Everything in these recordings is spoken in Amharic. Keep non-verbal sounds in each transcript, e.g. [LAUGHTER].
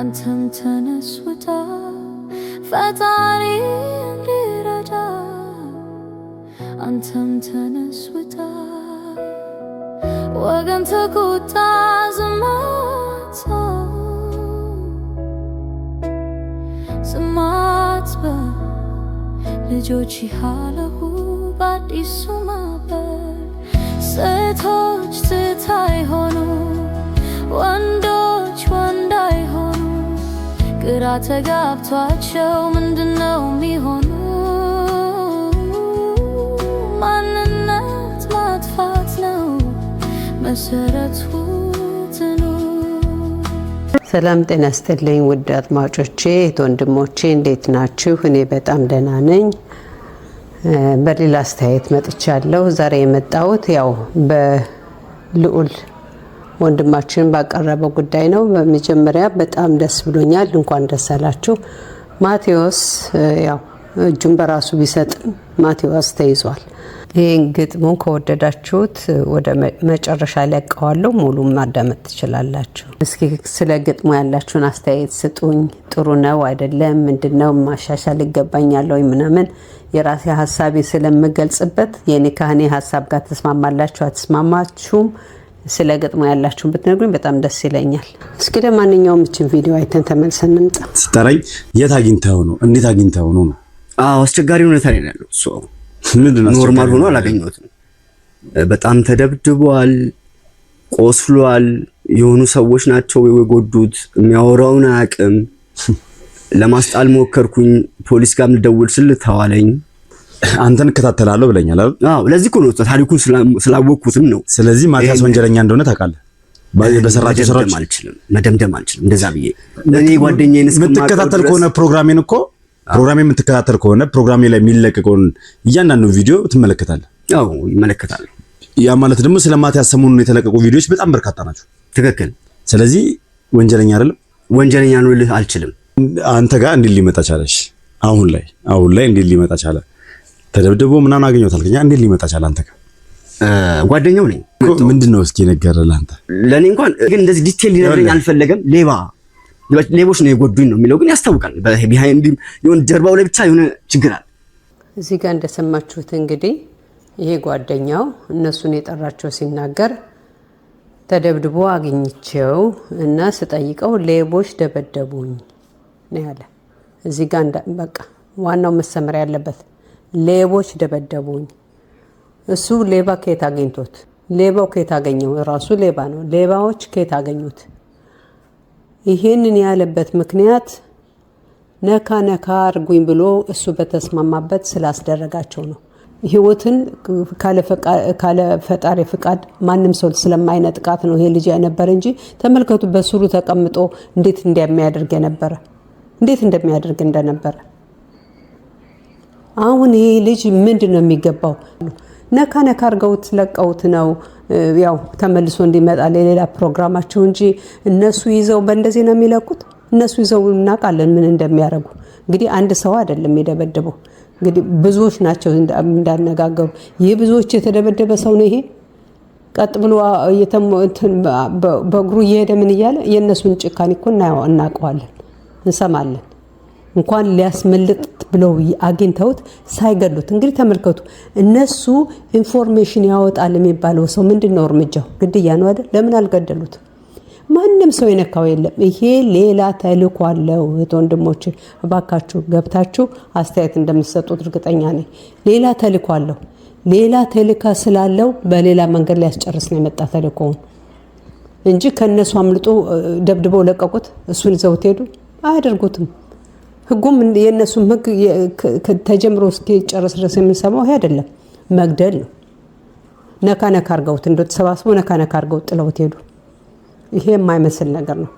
አንተም ተነስ ውጣ ፈጣሪ እንዲረዳ አንተም ተነስ ውጣ ወገን ተቆጣ ዝማት ዝማት በልጆች ያለሁ በአዲሱ ማበር ሴቶች ትታይ ሆኑ ወንዶ ግራ ተጋብቷቸው ምንድነው የሚሆኑ ማንነት ማጥፋት ነው መሰረቱ ሰላም ጤና ስትልኝ ውድ አድማጮቼ ወንድሞቼ፣ እንዴት ናችሁ? እኔ በጣም ደህና ነኝ። በሌላ አስተያየት መጥቻለሁ። ዛሬ የመጣሁት ያው በልዑል ወንድማችን ባቀረበው ጉዳይ ነው። በመጀመሪያ በጣም ደስ ብሎኛል። እንኳን ደስ አላችሁ። ማቴዎስ ያው እጁን በራሱ ቢሰጥም ማቴዎስ ተይዟል። ይህን ግጥሙን ከወደዳችሁት ወደ መጨረሻ ሊያቀዋለሁ፣ ሙሉም ማዳመጥ ትችላላችሁ። እስኪ ስለ ግጥሙ ያላችሁን አስተያየት ስጡኝ። ጥሩ ነው አይደለም፣ ምንድነው ማሻሻል ይገባኛል ምናምን የራሴ ሀሳቤ ስለምገልጽበት የኔ ካህኔ ሀሳብ ጋር ተስማማላችሁ አትስማማችሁም ስለ ገጥሞ ያላችሁን ብትነግሩኝ በጣም ደስ ይለኛል። እስኪ ለማንኛውም ይህችን ቪዲዮ አይተን ተመልሰን እንምጣ። ስጠራኝ የት አግኝተኸው ነው? እንዴት አግኝተኸው ነው? አዎ አስቸጋሪ ሁኔታ ላይ ያለው ሰው ኖርማል ሆኖ አላገኘሁትም። በጣም ተደብድቧል፣ ቆስሏል። የሆኑ ሰዎች ናቸው የጎዱት። የሚያወራውን አያውቅም። [LAUGHS] ለማስጣል ሞከርኩኝ። ፖሊስ ጋር ልደውል ስል ተዋለኝ። አንተን እከታተላለሁ ብለኛል አይደል? አዎ። ለዚህ እኮ ነው ታሪኩ ስላወቅኩትም ነው። ስለዚህ ማቲያስ ወንጀለኛ እንደሆነ ታውቃለህ። በሰራቸው ስራዎች አልችልም መደምደም አልችልም። እንደዛ ብዬ እኔ ጓደኛዬን የምትከታተል ከሆነ ፕሮግራሜን እኮ ፕሮግራሜ የምትከታተል ከሆነ ፕሮግራሜ ላይ የሚለቀቀውን እያንዳንዱ ቪዲዮ ትመለከታለህ። አዎ ይመለከታለሁ። ያ ማለት ደግሞ ስለ ማቲያስ ሰሞኑን የተለቀቁ ቪዲዮዎች በጣም በርካታ ናቸው። ትክክል። ስለዚህ ወንጀለኛ አይደለም። ወንጀለኛ ነው ልልህ አልችልም። አንተ ጋር እንዴት ሊመጣ ቻለሽ? አሁን ላይ አሁን ላይ እንዴት ሊመጣ ቻለ? ተደብድቦ ምናምን አገኘታል። ከኛ እንዴት ሊመጣ ቻለ? አንተ ጓደኛው ነኝ። ምንድን ነው እስኪ ነገር ለአንተ ለእኔ እንኳን ግን እንደዚህ ዲቴል ሊነግረኝ አልፈለገም። ሌባ ሌቦች ነው የጎዱኝ ነው የሚለው ግን ያስታውቃል። ቢሃይንድም የሆነ ጀርባው ላይ ብቻ የሆነ ችግር አለ። እዚህ ጋር እንደሰማችሁት እንግዲህ ይሄ ጓደኛው እነሱን የጠራቸው ሲናገር ተደብድቦ አግኝቼው እና ስጠይቀው ሌቦች ደበደቡኝ ነው ያለ። እዚህ ጋር በቃ ዋናው መሰመር ያለበት ሌቦች ደበደቡኝ። እሱ ሌባ ከየት አገኝቶት? ሌባው ከየት አገኘው? ራሱ ሌባ ነው። ሌባዎች ከየት አገኙት? ይህንን ያለበት ምክንያት ነካ ነካ አርጉኝ ብሎ እሱ በተስማማበት ስላስደረጋቸው ነው። ህይወትን ካለ ፈጣሪ ፍቃድ ማንም ሰው ስለማይነጥቃት ነው ይሄ ልጅ ነበር እንጂ ተመልከቱ፣ በስሩ ተቀምጦ እንዴት እንደሚያደርግ የነበረ እንዴት እንደሚያደርግ እንደነበረ አሁን ይሄ ልጅ ምንድን ነው የሚገባው? ነካ ነካ አድርገውት ለቀውት ነው ያው ተመልሶ እንዲመጣ ለሌላ ፕሮግራማቸው እንጂ እነሱ ይዘው በእንደዚህ ነው የሚለቁት። እነሱ ይዘው እናውቃለን ምን እንደሚያደርጉ። እንግዲህ አንድ ሰው አይደለም የደበደበው፣ እንግዲህ ብዙዎች ናቸው እንዳነጋገሩ። ይህ ብዙዎች የተደበደበ ሰው ነው ይሄ ቀጥ ብሎ በእግሩ እየሄደ ምን እያለ የእነሱን ጭካኔ እኮ እናውቀዋለን፣ እንሰማለን። እንኳን ሊያስመልጥ ብለው አግኝተውት ሳይገሉት እንግዲህ ተመልከቱ። እነሱ ኢንፎርሜሽን ያወጣል የሚባለው ሰው ምንድን ነው እርምጃው? ግድያ ነው አይደል? ለምን አልገደሉት? ማንም ሰው የነካው የለም። ይሄ ሌላ ተልእኮ አለው። እህት ወንድሞች፣ እባካችሁ ገብታችሁ አስተያየት እንደምትሰጡት እርግጠኛ ነኝ። ሌላ ተልእኮ አለው። ሌላ ተልእኮ ስላለው በሌላ መንገድ ሊያስጨርስ ነው የመጣ ተልእኮውን እንጂ ከእነሱ አምልጦ ደብድበው ለቀቁት። እሱን ይዘውት ሄዱ። አያደርጉትም። ህጉም የእነሱም ህግ ተጀምሮ እስኪጨረስ ድረስ የምንሰማው ይሄ አይደለም፣ መግደል ነው። ነካ ነካ አርገውት እንደ ተሰባስበው ነካ ነካ አርገውት ጥለውት ሄዱ። ይሄ የማይመስል ነገር ነው።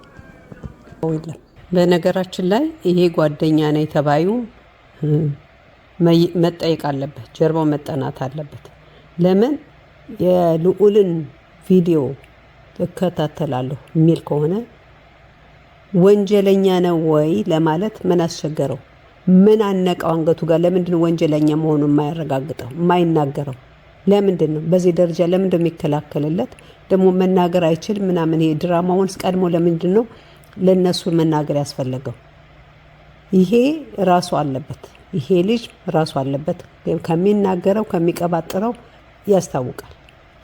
በነገራችን ላይ ይሄ ጓደኛ ነው የተባዩ መጠየቅ አለበት፣ ጀርባው መጠናት አለበት። ለምን የልዑልን ቪዲዮ እከታተላለሁ የሚል ከሆነ ወንጀለኛ ነው ወይ ለማለት ምን አስቸገረው? ምን አነቀው አንገቱ ጋር? ለምንድን ወንጀለኛ መሆኑን የማያረጋግጠው የማይናገረው? ለምንድን ነው በዚህ ደረጃ ለምንድን የሚከላከልለት? ደግሞ መናገር አይችል ምናምን ይሄ ድራማውን ቀድሞ ለምንድን ነው ለእነሱ መናገር ያስፈለገው? ይሄ ራሱ አለበት፣ ይሄ ልጅ ራሱ አለበት። ከሚናገረው ከሚቀባጥረው ያስታውቃል።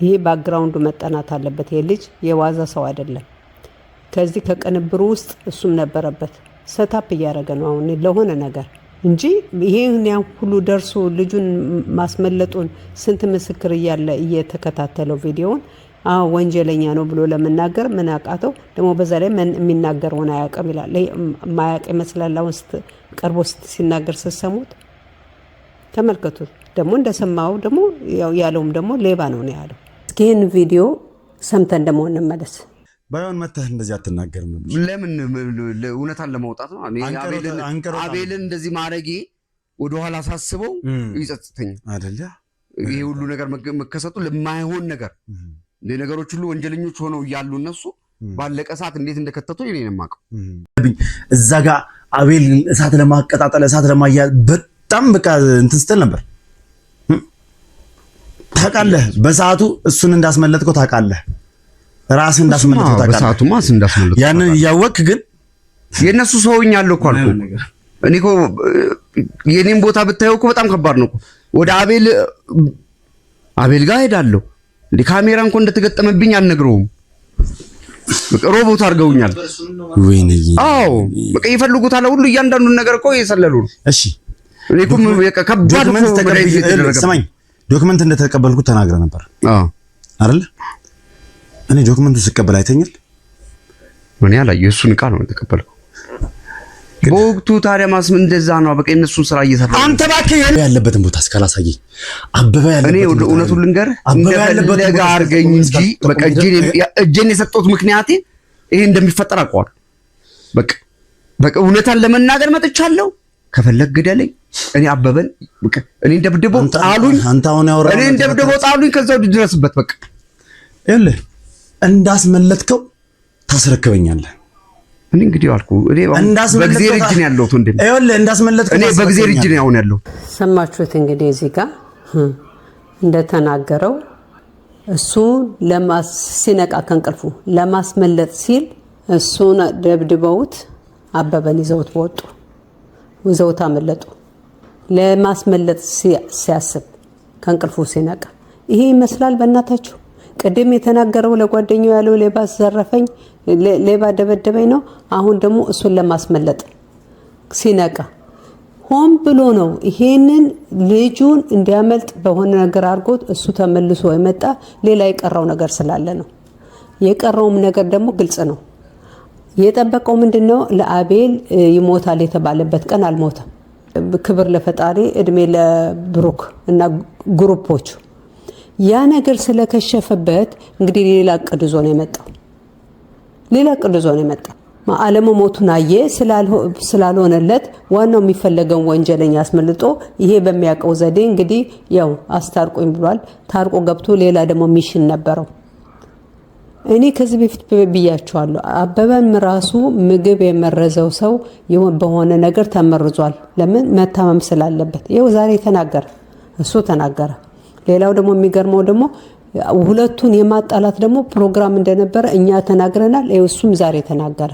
ይሄ ባክግራውንዱ መጠናት አለበት። ይሄ ልጅ የዋዛ ሰው አይደለም። ከዚህ ከቅንብሩ ውስጥ እሱም ነበረበት። ሰታፕ እያደረገ ነው አሁን ለሆነ ነገር እንጂ ይህን ያ ሁሉ ደርሶ ልጁን ማስመለጡን ስንት ምስክር እያለ እየተከታተለው ቪዲዮውን ወንጀለኛ ነው ብሎ ለመናገር ምን አቃተው? ደግሞ በዛ ላይ ምን የሚናገረውን አያውቅም ይላል። ማያውቅ ይመስላል አሁን ቀርቦ ሲናገር ስትሰሙት ተመልከቱት። ደግሞ እንደሰማው ደግሞ ያለውም ደግሞ ሌባ ነው ነው ያለው። እስኪ ይህን ቪዲዮ ሰምተን ደግሞ እንመለስ። ባይሆን መተህ እንደዚህ አትናገርም። ለምን እውነታን ለማውጣት ነው። አቤልን እንደዚህ ማድረጌ ወደኋላ ሳስበው ይጸጽተኛል አይደለ? ይሄ ሁሉ ነገር መከሰቱ ለማይሆን ነገር ነገሮች ሁሉ ወንጀለኞች ሆነው እያሉ እነሱ ባለቀ ሰዓት እንዴት እንደከተቱ እኔ ነው የማውቀው። እዛ ጋ አቤልን እሳት ለማቀጣጠል እሳት ለማያያዝ በጣም በቃ እንትን ስትል ነበር ታውቃለህ። በሰዓቱ እሱን እንዳስመለጥከው ታውቃለህ። ራስ እንዳስመለጠ ታውቃለህ። ያንን እያወቅህ ግን የእነሱ ሰውኝ አለ እኮ አልኩህ። እኔ እኮ የኔን ቦታ ብታየው እኮ በጣም ከባድ ነው። ወደ አቤል አቤል ጋር ሄዳለሁ እንዴ ካሜራ እንኳን እንደተገጠመብኝ አልነግረውም። ሮቦት አድርገውኛል። ወይኔ አዎ፣ በቃ ይፈልጉታል። ሁሉ እያንዳንዱን ነገር እኮ የሰለሉ ነው። እሺ እኔ እኮ ከባድ ነው። ዶክመንት እንደተቀበልኩት ተናግረ ነበር አይደል? እኔ ዶክመንቱን ስቀበል አይተኛል። እኔ አላየሁ። የእሱን እቃ ነው የተቀበልከው። በወቅቱ ታዲያ ማስም እንደዛ ነው። በቃ የእነሱን ስራ እየሰራ አንተ እባክህ ያለበትን ቦታ እስካላሳየኝ አበበ ያለበት እኔ እውነቱን ልንገርህ እንደፈለገ አድርገኝ እንጂ በቃ እጄን የሰጠሁት ምክንያቴ ይሄ እንደሚፈጠር አውቀዋለሁ። በቃ በቃ እውነታን ለመናገር መጥቻለሁ። ከፈለግ ግደለኝ። እኔ አበበን በቃ እኔ እንደብደበው ጣሉኝ። እኔ እንደብደበው ጣሉኝ። ከዛው ድረስበት በቃ ይኸውልህ እንዳስመለጥከው ታስረክበኛለህ። እኔ እንግዲህ አልኩ እኔ በእግዚአብሔር እጅ ነው ያለሁት ወንድሜ፣ ይኸውልህ እንዳስመለጥከው እኔ በእግዚአብሔር እጅ ነው አሁን ያለሁት። ሰማችሁት እንግዲህ እዚህ ጋር እንደተናገረው እሱ ሲነቃ ከእንቅልፉ ለማስመለጥ ሲል እሱን ደብድበውት አበበን ይዘውት በወጡ ይዘውት አመለጡ። ለማስመለጥ ሲያስብ ከእንቅልፉ ሲነቃ ይሄ ይመስላል በእናታችሁ ቅድም የተናገረው ለጓደኛው ያለው ሌባ ዘረፈኝ፣ ሌባ ደበደበኝ ነው። አሁን ደግሞ እሱን ለማስመለጥ ሲነቃ ሆን ብሎ ነው ይሄንን ልጁን እንዲያመልጥ በሆነ ነገር አድርጎት እሱ ተመልሶ የመጣ ሌላ የቀረው ነገር ስላለ ነው። የቀረውም ነገር ደግሞ ግልጽ ነው። የጠበቀው ምንድን ነው? ለአቤል ይሞታል የተባለበት ቀን አልሞተም። ክብር ለፈጣሪ፣ እድሜ ለብሩክ እና ግሩፖቹ ያ ነገር ስለከሸፈበት እንግዲህ ሌላ እቅድ ይዞ ነው የመጣው። ሌላ እቅድ ይዞ ነው የመጣው። አለመሞቱን አየ ስላልሆነለት ዋናው የሚፈለገውን ወንጀለኛ አስመልጦ ይሄ በሚያውቀው ዘዴ እንግዲህ ያው አስታርቆኝ ብሏል። ታርቆ ገብቶ ሌላ ደግሞ ሚሽን ነበረው። እኔ ከዚህ በፊት ብያቸዋለሁ። አበበም ራሱ ምግብ የመረዘው ሰው በሆነ ነገር ተመርዟል። ለምን መታመም ስላለበት። ይኸው ዛሬ ተናገረ፣ እሱ ተናገረ። ሌላው ደግሞ የሚገርመው ደግሞ ሁለቱን የማጣላት ደግሞ ፕሮግራም እንደነበረ እኛ ተናግረናል። እሱም ዛሬ ተናገረ።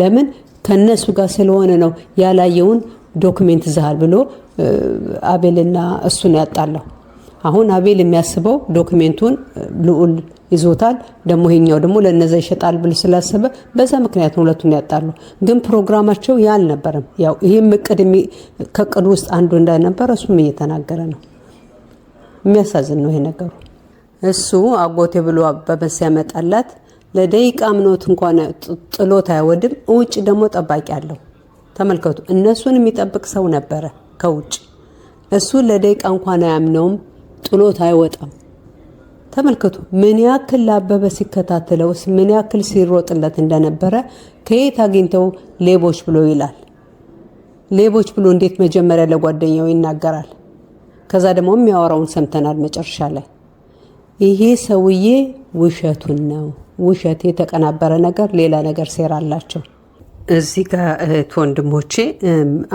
ለምን ከነሱ ጋር ስለሆነ ነው ያላየውን ዶክሜንት ዛሃል ብሎ አቤልና እሱን ያጣለው። አሁን አቤል የሚያስበው ዶክሜንቱን ልዑል ይዞታል፣ ደግሞ ይሄኛው ደግሞ ለነዛ ይሸጣል ብሎ ስላሰበ በዛ ምክንያት ሁለቱን ያጣሉ። ግን ፕሮግራማቸው ያ አልነበረም። ያው ይህም እቅድ ከቅድ ውስጥ አንዱ እንዳልነበረ እሱም እየተናገረ ነው። የሚያሳዝን ነው ይሄ ነገሩ። እሱ አጎቴ ብሎ አበበስ ያመጣላት ለደቂቃ ምኖት እንኳን ጥሎት አይወድም። ውጭ ደግሞ ጠባቂ አለው። ተመልከቱ፣ እነሱን የሚጠብቅ ሰው ነበረ ከውጭ። እሱ ለደቂቃ እንኳን አያምነውም፣ ጥሎት አይወጣም። ተመልከቱ ምን ያክል ለአበበ ሲከታተለውስ ምን ያክል ሲሮጥለት እንደነበረ ከየት አግኝተው ሌቦች ብሎ ይላል። ሌቦች ብሎ እንዴት መጀመሪያ ለጓደኛው ይናገራል? ከዛ ደግሞ የሚያወራውን ሰምተናል። መጨረሻ ላይ ይሄ ሰውዬ ውሸቱን ነው፣ ውሸት የተቀናበረ ነገር፣ ሌላ ነገር ሴራ አላቸው። እዚህ ጋር እህት ወንድሞቼ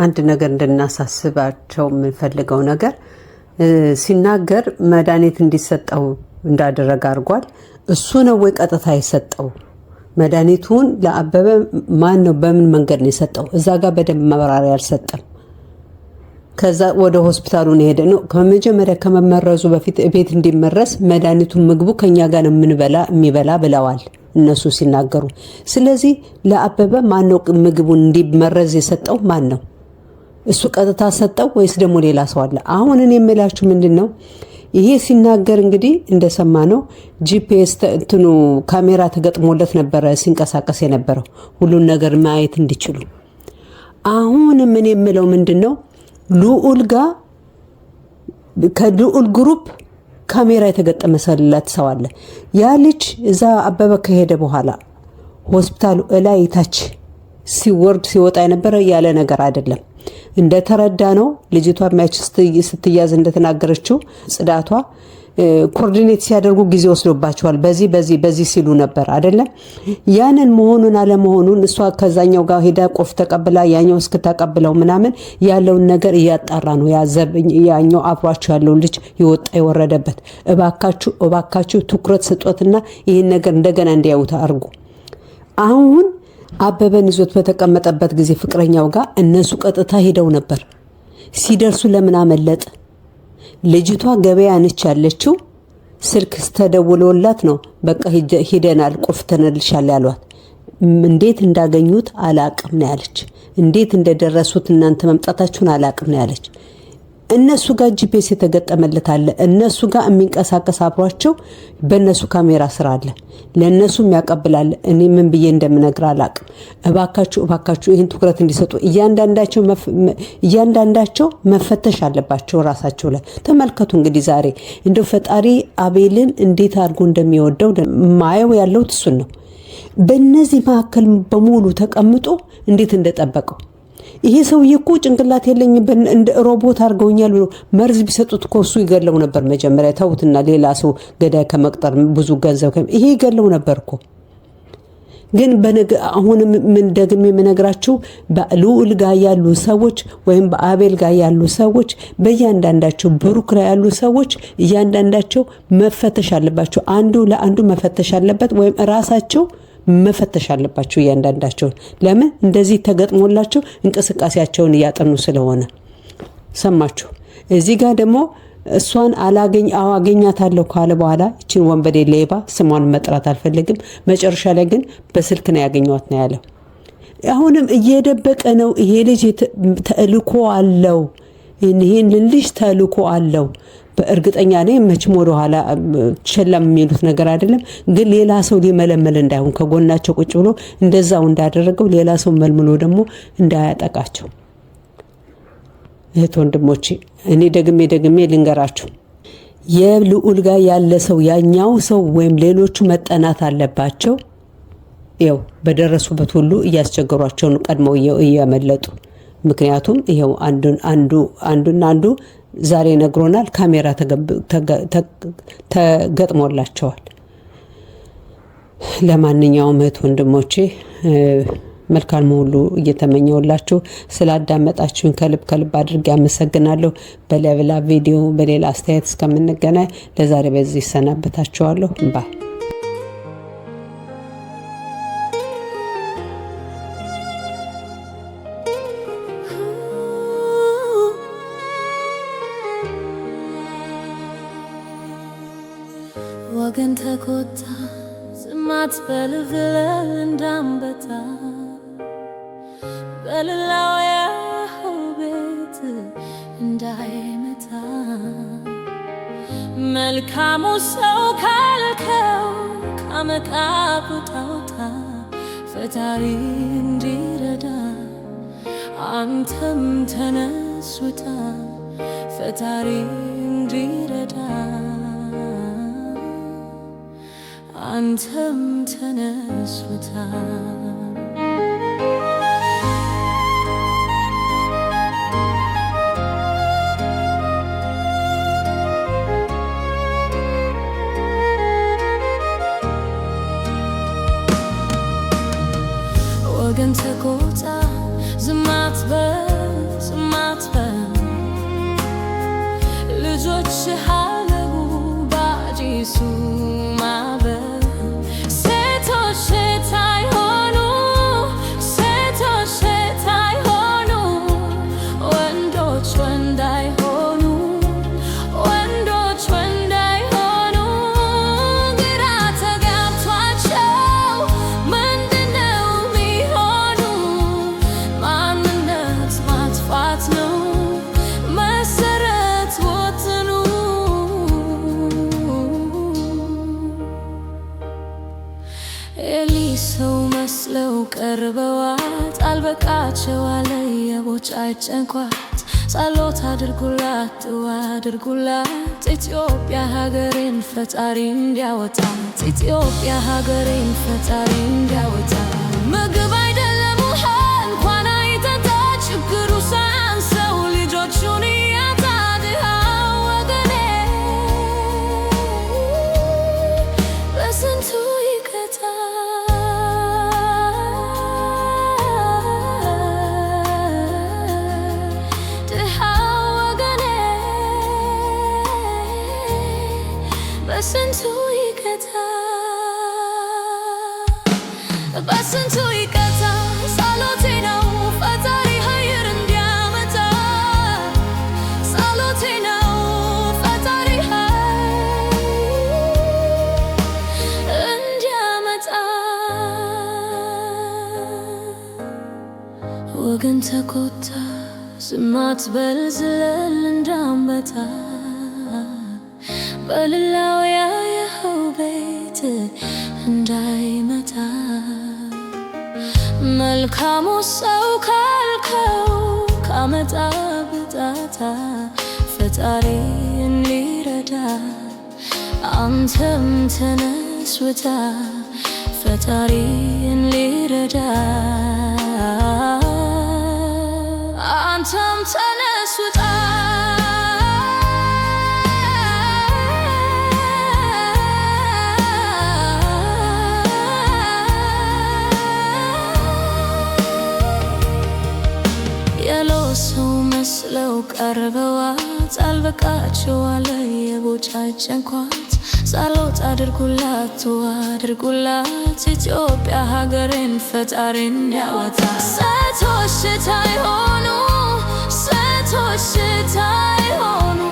አንድ ነገር እንድናሳስባቸው የምንፈልገው ነገር ሲናገር መድኃኒት እንዲሰጠው እንዳደረገ አድርጓል። እሱ ነው ወይ ቀጥታ የሰጠው? መድኃኒቱን ለአበበ ማን ነው? በምን መንገድ ነው የሰጠው? እዛ ጋር በደንብ መብራሪያ አልሰጠም። ከዛ ወደ ሆስፒታሉ ነው የሄደ ነው። ከመጀመሪያ ከመመረዙ በፊት ቤት እንዲመረስ መድኃኒቱን፣ ምግቡ ከኛ ጋር የምንበላ የሚበላ ብለዋል እነሱ ሲናገሩ። ስለዚህ ለአበበ ማነው ምግቡን እንዲመረዝ የሰጠው? ማን ነው እሱ ቀጥታ ሰጠው ወይስ ደግሞ ሌላ ሰው አለ? አሁን እኔ የምላችሁ ምንድን ነው ይሄ ሲናገር እንግዲህ እንደሰማ ነው ጂፒኤስ እንትኑ ካሜራ ተገጥሞለት ነበረ ሲንቀሳቀስ የነበረው ሁሉን ነገር ማየት እንዲችሉ። አሁንም እኔ የምለው ምንድን ነው ልዑል ጋር ከልዑል ግሩፕ ካሜራ የተገጠመ ሰላት ሰው አለ። ያ ልጅ እዛ አበበ ከሄደ በኋላ ሆስፒታሉ እላይ ታች ሲወርድ ሲወጣ የነበረ ያለ ነገር አይደለም። እንደተረዳ ነው ልጅቷ ሚያች ስትያዝ እንደተናገረችው ጽዳቷ ኮኦርዲኔት ሲያደርጉ ጊዜ ወስዶባቸዋል። በዚህ በዚህ በዚህ ሲሉ ነበር አይደለም። ያንን መሆኑን አለመሆኑን እሷ ከዛኛው ጋር ሄዳ ቆፍ ተቀብላ ያኛው እስክታቀብለው ምናምን ያለውን ነገር እያጣራ ነው። ያኛው አብሯቸው ያለውን ልጅ የወጣ የወረደበት። እባካችሁ እባካችሁ ትኩረት ስጦትና ይህን ነገር እንደገና እንዲያዩት አድርጉ። አሁን አበበን ይዞት በተቀመጠበት ጊዜ ፍቅረኛው ጋር እነሱ ቀጥታ ሄደው ነበር። ሲደርሱ ለምን አመለጥ ልጅቷ ገበያ ነች ያለችው። ስልክ ስተደውሎላት ነው በቃ ሂደናል ቆፍተንልሻል ያሏት። እንዴት እንዳገኙት አላቅም ነው ያለች። እንዴት እንደደረሱት እናንተ መምጣታችሁን አላቅም ነው ያለች። እነሱ ጋር ጂፒኤስ የተገጠመለት አለ። እነሱ ጋር የሚንቀሳቀስ አብሯቸው በእነሱ ካሜራ ስራ አለ። ለእነሱ የሚያቀብላለ። እኔ ምን ብዬ እንደምነግር አላቅም። እባካችሁ እባካችሁ ይህን ትኩረት እንዲሰጡ እያንዳንዳቸው መፈተሽ አለባቸው ራሳቸው ላይ። ተመልከቱ እንግዲህ ዛሬ እንደ ፈጣሪ አቤልን እንዴት አድርጎ እንደሚወደው ማየው ያለው እሱን ነው። በእነዚህ መካከል በሙሉ ተቀምጦ እንዴት እንደጠበቀው ይሄ ሰውዬ እኮ ጭንቅላት የለኝ እንደ ሮቦት አድርገውኛል ብሎ መርዝ ቢሰጡት እኮ እሱ ይገለው ነበር። መጀመሪያ ተውትና ሌላ ሰው ገዳይ ከመቅጠር ብዙ ገንዘብ ይሄ ይገለው ነበር እኮ። ግን አሁንም ምን ደግሜ የምነግራችሁ በልዑል ጋር ያሉ ሰዎች ወይም በአቤል ጋር ያሉ ሰዎች በእያንዳንዳቸው ብሩክ ላይ ያሉ ሰዎች እያንዳንዳቸው መፈተሽ አለባቸው። አንዱ ለአንዱ መፈተሽ አለበት ወይም ራሳቸው መፈተሽ አለባቸው እያንዳንዳቸውን። ለምን እንደዚህ ተገጥሞላቸው እንቅስቃሴያቸውን እያጠኑ ስለሆነ ሰማችሁ። እዚህ ጋር ደግሞ እሷን አላገኝ አዋገኛታለሁ ካለ በኋላ ይችን ወንበዴ ሌባ ስሟን መጥራት አልፈልግም። መጨረሻ ላይ ግን በስልክ ነው ያገኘዋት ነው ያለው። አሁንም እየደበቀ ነው ይሄ ልጅ ተልኮ አለው፣ ይህን ልጅ ተልኮ አለው በእርግጠኛ ነኝ መቼም ወደኋላ ሸላም የሚሉት ነገር አይደለም። ግን ሌላ ሰው ሊመለመል እንዳይሆን ከጎናቸው ቁጭ ብሎ እንደዛው እንዳደረገው ሌላ ሰው መልምሎ ደግሞ እንዳያጠቃቸው። እህት ወንድሞቼ፣ እኔ ደግሜ ደግሜ ልንገራችሁ የልዑል ጋር ያለ ሰው ያኛው ሰው ወይም ሌሎቹ መጠናት አለባቸው። ው በደረሱበት ሁሉ እያስቸገሯቸውን ቀድመው እያመለጡ ምክንያቱም ይኸው አንዱ አንዱን አንዱ ዛሬ ነግሮናል። ካሜራ ተገጥሞላቸዋል። ለማንኛውም እህት ወንድሞቼ መልካም ሁሉ እየተመኘውላችሁ ስላዳመጣችሁን ከልብ ከልብ አድርጌ አመሰግናለሁ። በሌላ ቪዲዮ በሌላ አስተያየት እስከምንገናኝ ለዛሬ በዚህ ይሰናበታችኋለሁ ባይ በልብለ እንዳንበጣ በልላው ያኸው ቤት እንዳይመታ መልካሙ ሰው ካልከው ከመቃብር አውጣ ፈጣሪ እንዲረዳ አንተም ተነሱታ ፈጣሪ እንዲረዳ 안 틈트는 수다 ላስጨንኳት ጸሎት አድርጉላት አድርጉላት ኢትዮጵያ ሀገሬን ፈጣሪ እንዲያወጣት ኢትዮጵያ ሀገሬን ፈጣሪ እንዲያወጣት ምግባ ግን ተቆጣ ስማት በልዝለል ዝለል እንዳንበጣ በልላው ያየኸው ቤት እንዳይመታ መልካሙ ሰው ካልከው ካመጣ ብጣታ ፈጣሪ እንዲረዳ አንተም ተነስውታ ፈጣሪ እንዲረዳ ቀርበዋት አልበቃቸው አለ የቦጫጨንኳት ጸሎት አድርጉላት አድርጉላት ኢትዮጵያ ሀገሬን ፈጣሪን ያወጣ ሴቶች ይሆኑ ሴቶች ታይሆኑ